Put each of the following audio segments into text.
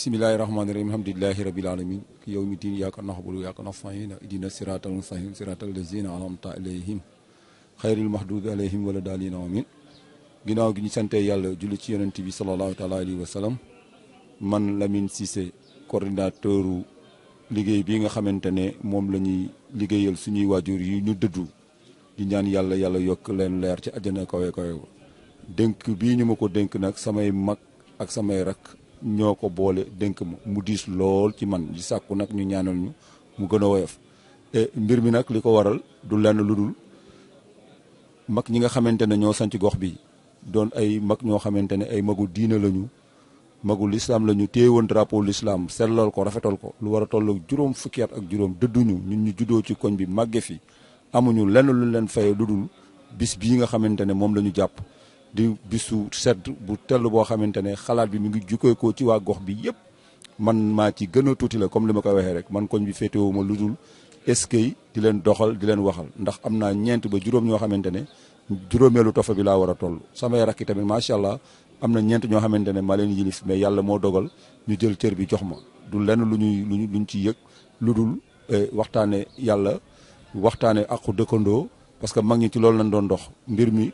bisimillahi rahmani rahim alhamdulilahi rabil alamin ki yawmi din iyyaka na'budu wa iyyaka nasta'in ihdina siratal mustaqim siratal ladzina an'amta alayhim xayril mahdubi alayhim wala daalina amin ginnaaw gi ñu sante yàlla julli ci yonent bi sallallahu taala alayhi wa sallam man Lamine Cissé coordinateur liggéey bi nga xamante ne moom la ñuy liggéeyal suñuy waajur yi ñu dëddu di ñaan yàlla yàlla yokk leen leer ci àjjana kawe kawe dénk bii ñu ma ko dénk nag samay mag ak samay rak ñoo ko boole dénk ma mu diis lool ci man di sàkku nag ñu ñaanal ñu mu gën a woyof mbir mi nag li ko waral du lenn lu dul mag ñi nga xamante ne ñoo sanc gox bi doon ay mag ñoo xamante ne ay magu diina lañu magu lislaam lañu téye woon drapeau lislaam sellal ko rafetal ko lu war a toll juróom fukkeer ak juróom dëdduñu ñun ñu juddoo ci koñ bi màgge fi amuñu lenn lu leen fay lu dul bis bii nga xamante ne moom la ñu jàpp di bisu sedd bu tell boo xamante ne xalaat bi mu ngi jukkeekoo ci waa gox bi yëpp man maa ci gën a tuuti la comme li ma ko waxee rek man koñ bi féetewoo ma lu dul eskay di leen doxal di leen waxal ndax am naa ñeent ba juróom ñoo xamante ne juróomeelu tofa bi laa war a toll samay rakki tamit macha allah am na ñeent ñoo xamante ne maa leen yilif mais yàlla moo dogal ñu jël cër bi jox ma du lenn lu ñuy luñu luñ ci yëg lu dul eh, waxtaane yàlla waxtaane aqu dëkkandoo parce que mag ñi ci loolu lañ doon dox mbir mi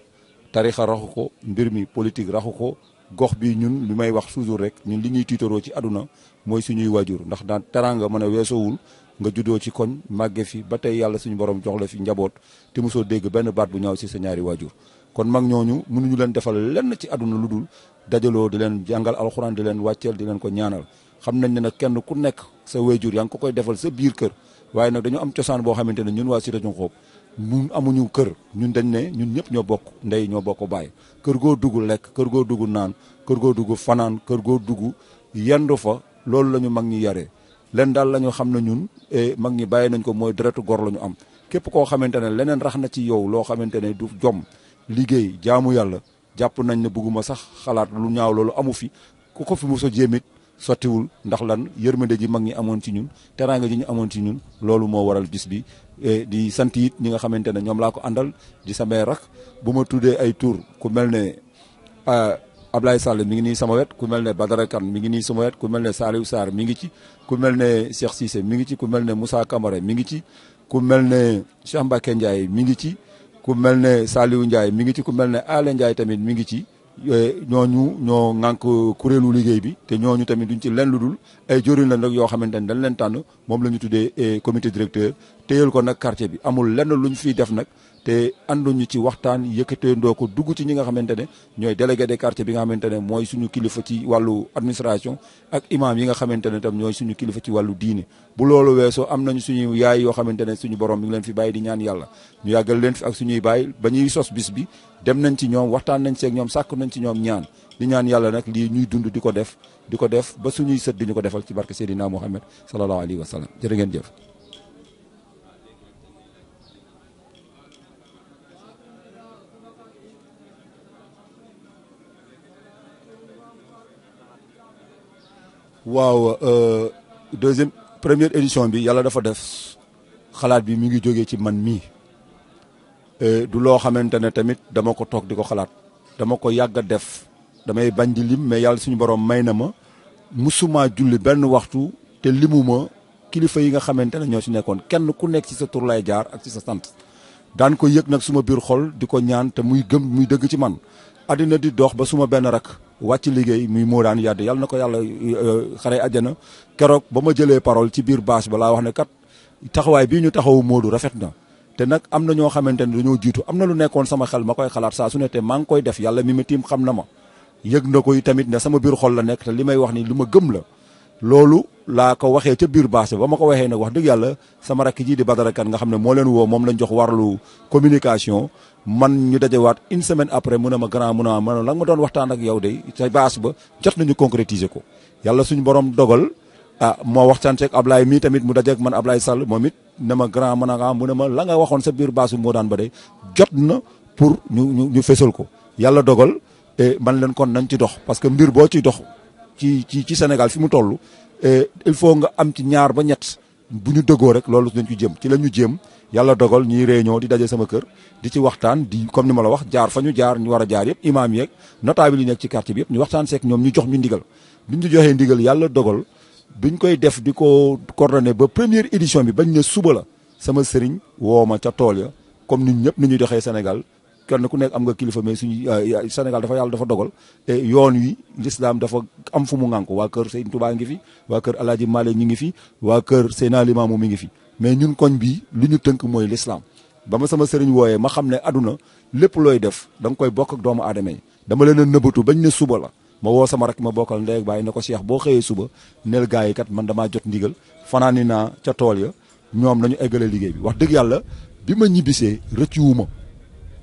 tarixa raxu ko mbir mi politique raxu ko gox bi ñun lu may wax toujours rek ñun li ñuy tiitaroo ci àdduna mooy suñuy waajur ndax daan teraanga mën a weesoowul nga juddoo ci koñ màggee fi ba tey yàlla suñu borom jox la fi njaboot te mosoo dégg benn baat bu ñaaw si sa ñaari waajur kon mag ñooñu mënuñu leen defal lenn ci àdduna lu dul dajaloo di leen jàngal alxuraan di leen wàcceel di leen ko ñaanal xam nañ ne nag kenn ku nekk sa waajur yaa ngi ko koy defal sa biir kër waaye nag dañu am cosaan boo xamante ne ñun waa si région Xoob mu amuñu kër ñun dañ ne ñun ñëpp ñoo bokk ndey ñoo bokk bàyyi kër goo dugg lekk kër goo dugg naan kër goo dugg fanaan kër goo dugg yendu fa loolu la ñu mag ñi yaree leen daal la ñu xam ne ñun e, mag ñi bàyyi nañ ko mooy deretu gor la ñu am képp koo xamante ne leneen rax na ci yow loo xamante ne du jom liggéey jaamu yàlla jàpp nañ ne bëgguma sax xalaat lu ñaaw loolu amu fi ku ko fi mu a jéemit sottiwul ndax lan yërmande ji mag ñi amoon ci ñun teraanga ji ñu amoon ci ñun loolu moo waral bis bi Eh, di sant it ñi nga xamante ne ñoom laa ko àndal di samay rak bu ma tuddee ay tur ku mel ne ah, Ablaye Sall mi ngi nii sama wet ku mel ne Badara Kane mi ngi nii sama wet ku mel ne Saliou Sarr mi ngi ci ku mel ne Cheikh Cissé mi ngi ci ku mel ne Moussa Camara mi ngi ci ku mel ne Cheikh Mbacké Ndiaye mi ngi ci ku mel ne Saliou Ndiaye mi ngi ci ku mel ne Alé Ndiaye tamit mi ngi ci ñooñu ñoo ŋànk kuréelu liggéey bi te ñooñu tamit duñ ci lenn lu dul ay jëriñ lañ rek yoo xamante ne dañ leen moom la ñu tuddee eh, comité directeur téyal ko nag quartier bi amul lenn lu ñu fiy def nag te ñu ci waxtaan yëkkatee ndoo ko dugg ci ñi nga xamante ne ñooy délégué de quartier bi nga xamante ne mooy suñu kilifa ci wàllu administration ak imam yi nga xamante ne tam ñooy suñu kilifa ci wàllu diini bu loolu weesoo am nañu suñu yaay yoo xamante ne suñu borom mi ngi leen fi bàyyi di ñaan yàlla ñu yàggal leen fi ak suñuy baay ba ñuy sos bis bi dem nañ ci ñoom waxtaan nañ seeg ñoom sàkk nañ ci ñoom ñaan di ñaan yàlla nag lii ñuy dund di ko def di ko def ba suñuy sët di ko defal ci barke Seydina Muhammad sallallahu alayhi wa sallam jërë ngeen jëf waaw euh, deuxième première édition bi yàlla dafa def xalaat bi mi ngi jógee ci man mii euh, du loo xamante ne tamit dama ko toog di ko xalaat dama ko yàgg def damay bañ di lim mais yàlla suñu borom may ma musuma julli benn waxtu te limuma kilifa yi nga xamante ne ñoo si nekkoon kenn ku nekk ci sa tur lay jaar ak ci sa sant daan ko yëg nag suma biir xol di ko ñaan te muy gëm muy dëgg ci man adina di dox ba suma benn rak wàcc liggéey muy daan Yade yàlla na ko yàlla euh, xare ajana keroog ba ma jëlee parole ci biir bâche ba laa wax na kat taxawaay bii ñu taxaw Modou rafet na te nag am na ñoo xamante ne dañoo jiitu am na lu nekkoon sama xel ma koy xalaat saa su ne te maa ngi koy def yàlla mi ma tiim xam na ma yëg na ko tamit ne sama biir xol la nekk te li may wax ni lu ma gëm la loolu laa ko waxee ca biir baase ba ma ko waxee nag wax dëgg yàlla sama rakk jii di Badara Kane nga xam ne moo leen woo moom lañ jox warlu communication man ñu dajewaat une semaine après mu ne ma grand mu ne ma lan ma doon waxtaan ak yow de ca baas ba jot nañu concrétiser ko. yàlla suñu borom dogal ah moo waxtaan ceeg mii tamit mu dajeeg man Ablaye Sall moom it ne ma grand mu ne ah mu ne ma la nga waxoon sa biir baasu moo daan ba de jot na pour ñu ñu ñu fésal ko yàlla dogal eh, man leen kon nañ ci dox parce que mbir boo ci dox ci ci ci Sénégal fi mu toll. Eh, il faut nga am ci ñaar ba ñett bu ñu dëggoo rek loolu dañ ci jëm ci la ñu jéem yàlla dogal ñuy réunion di daje sama kër di ci waxtaan di comme ni ma la wax jaar fa ñu jaar ñu war a jaar yëpp imaam yeeg notable yi nekk ci quartier bi yëpp ñu waxtaan seek ñoom ñu jox ñu ndigal bi ñu joxee ndigal yàlla dogal biñ koy def di ko coordonné ba première édition bi bañ ne suba la sama sëriñ woo ma ca tool ya comme nit ñëpp ni ñuy joxee Sénégal kenn ku nekk am nga kilifa mais suñu ah, Sénégal dafa yàlla dafa dogal te yoon wi l'islam dafa am fu mu ŋànk waa kër Sëñ Tuubaa ngi fi waa kër El Hadj Malick ñi ngi fi waa kër Seydina Limaamu mi ngi fi mais ñun koñ bi li ñu tënk mooy lislaam ba ma sama sëriñ wooyee ma xam ne aduna lépp looy def danga koy bokk doomu aadama yi dama leen a nëbbatu bañ ne suba la ma woo sama rek ma bokkal ndey baay ne ko Cheikh boo xëyee suba nel gaa yi kat man damaa jot ndigal fanaani naa ca tool ya ñoom nañu eggale liggéey bi wax dëgg yàlla bi ma ñibbisee rëccuwuma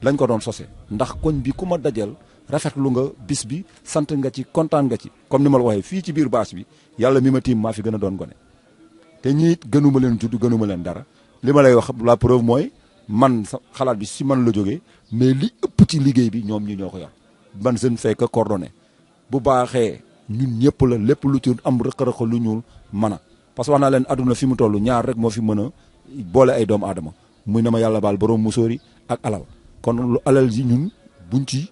lañ ko doon sose ndax koñ bi ku ma dajal rafetlu nga bis bi sant nga ci kontaan nga ci comme ni ma la waxee fii ci biir baas bi yàlla mi ma tiim maa fi gën a doon gone te ñii gënuma leen judd gënuma leen dara li ma lay wax la preuve mooy man sa xalaat bi si man la jógee mais li ëpp ci liggéey bi ñoom ñi ñoo ko yor man seen fekk coordonné bu baaxee ñun ñëpp la lépp lu ci am rëq-rëq lu ñuul mën a parce que wax naa leen adduna fi mu toll ñaar rek moo fi mën a boole ay doomu aadama na ma yàlla baal borom musóori ak alal kon lu alal ji ñun buñ ci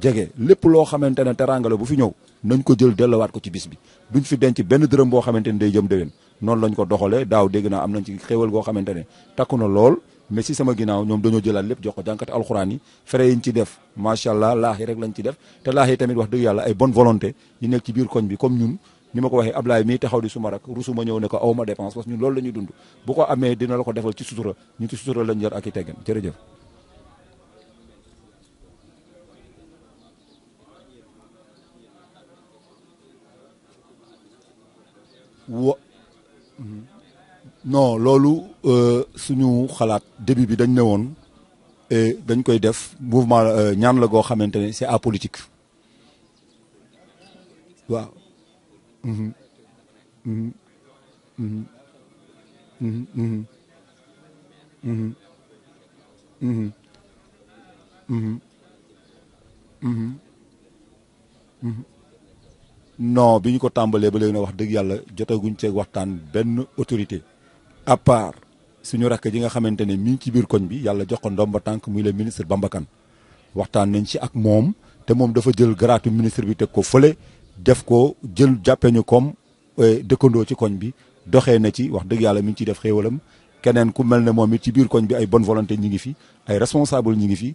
jege lépp loo xamante ne teraanga bu fi ñëw nañ ko jël dellowaat ko ci bis bi duñ fi denc benn dërëm boo xamante ne day jëm déwén noonu lañ ko doxalee daaw dégg naa am nañ ci xéewal goo xamante ne takku na lool mais si sama ginnaaw ñoom dañoo jëlaat lépp jox ko jànkate alxuraan yi frais yiñ def macha allah laax yi rek lañ ci def te laax yi tamit wax dëgg yàlla ay bonne volonté yi nekk ci biir koñ bi comme ñun ni ma ko waxee Ablaye mii taxaw di suma rak rusuma ñëw ne ko awma loolu la dund ko amee dina la ko defal ci sutura ñu ci sutura lañ jër ak i jërëjëf non loolu suñu xalaat début bi dañ et dañ koy def mouvement ñaan la c'est apolitique non bi ñu ko tàmbalee ba léegi na wax dëgg yàlla jotaguñ ceeg waxtaan benn autorité à part suñu rakk ji nga xamante ne mi ci biir koñ bi yàlla jox ko ndomba tànk muy le ministre Bamba Kane waxtaan nañ ci ak moom te moom dafa jël garaatu ministre bi teg ko fële def ko jël jàppee ñu comme eh, dëkkandoo ci koñ bi doxee na ci wax dëgg yàlla mi ngi ciy def xéewalam keneen ku mel ne moom it ci biir koñ bi ay bonne volonté ñi ngi fi ay responsable ñi ngi fi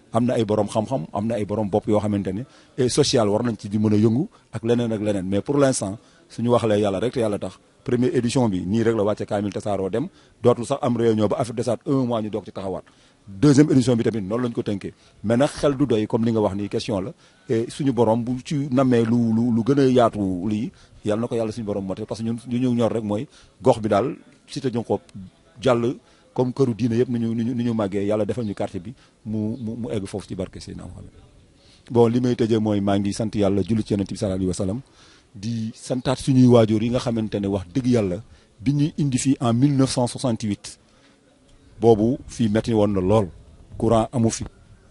am na ay borom xam-xam am na ay borom bopp yoo xamante ne et social war nañ ci di mën a yëngu ak leneen ak leneen mais pour l'instant suñu waxalee yàlla rek te yàlla tax première édition bi nii rek la wàcce kaamil tasaaroo dem dootul sax am réunion ba affaire desaat un mois ñu doog ci taxawaat deuxième édition bi tamit noonu lañ ko tënkee mais nag xel du doy comme li nga wax nii question la et suñu borom bu ci namee lu lu a yaatu lii yàlla na ko yàlla suñu borom mote parce que ñun ñu ñor rek mooy gox bi daal Cité Diakhoumpa comme këru diine yëpp nu ñu nu ñu nu ñu màggee yàlla defal ñu bi mu mu egg foofu ci barke Seydina Muhammad bon li may tëjee mooy maa ngi sant yàlla julli ci yonent bi sallallahu alayhi wa di santaat suñuy waajur yi nga xamante ne wax dëgg yàlla bi ñuy indi fii en 1968 boobu fii metti woon na lool courant amu fi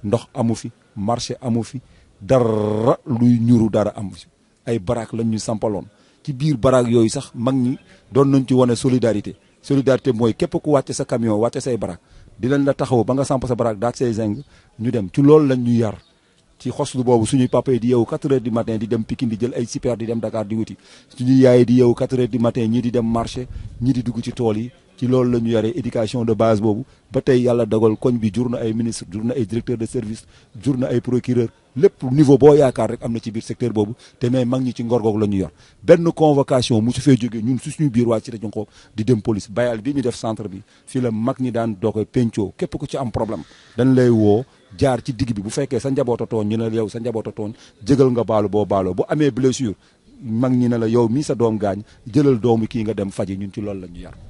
ndox amu fi marché amu fi dara luy ñuru dara amu fi ay baraak lañ ñu sampaloon ci biir baraak yooyu sax mag ñi doon nañ ci wane solidarité solidarité mooy képp ku wàcce sa camion wàcce say barak di leen la taxaw ba nga samp sa barak daat say zing ñu dem ci loolu lañ ñu yar ci xoslu boobu suñuy papa yi di yeewu 4 heures di matin di dem Pikine di jël ay super di dem Dakar di wuti suñuy yaay di yeewu 4 heures du matin ñii di dem marché ñii di dugg ci tool yi ci loolu la ñu yare éducation de base boobu ba tey yàlla dogal koñ bi jur na ay ministre jur ay directeur de service jur na ay procureur lépp niveau boo yaakaar rek am ci biir secteur boobu te mais mag ñi ci ngor goog la ñu yor benn convocation mu su fee jógee ñun suñu biir waa ci di dem police bayal bi ñu def centre bi fii la mag ñi daan doo koy pencoo képp ku ci am problème dañ lay woo jaar ci digg bi bu fekkee sa njaboota tooñ ñu ne yow sa njaboota tooñ jégal nga baalu boo baaloo bu amee blessure mag ñi ne la yow mii sa doom gaañ jëlal doomu kii nga dem faji ñun ci loolu la ñu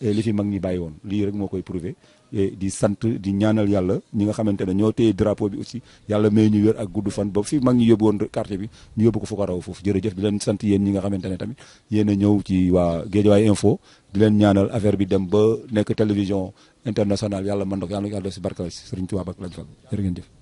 li fi mag ñi bàyyi woon lii rek moo koy prouver di sant di ñaanal yàlla ñi nga xamante ne ñoo téye drapeau bi aussi yàlla may ñu wér ak gudd fan ba fi mag ñi yóbbu woon quartier bi ñu yóbbu ko fu ko raw foofu jërëjëf di leen sant yéen ñi nga xamante ne tamit yéen a ñëw ci waa Guédiawaye info di leen ñaanal affaire bi dem ba nekk télévision internationale yàlla mën na yàlla yàlla si barkal si Sëriñ Tuubaa ak lañ fa jërë jëf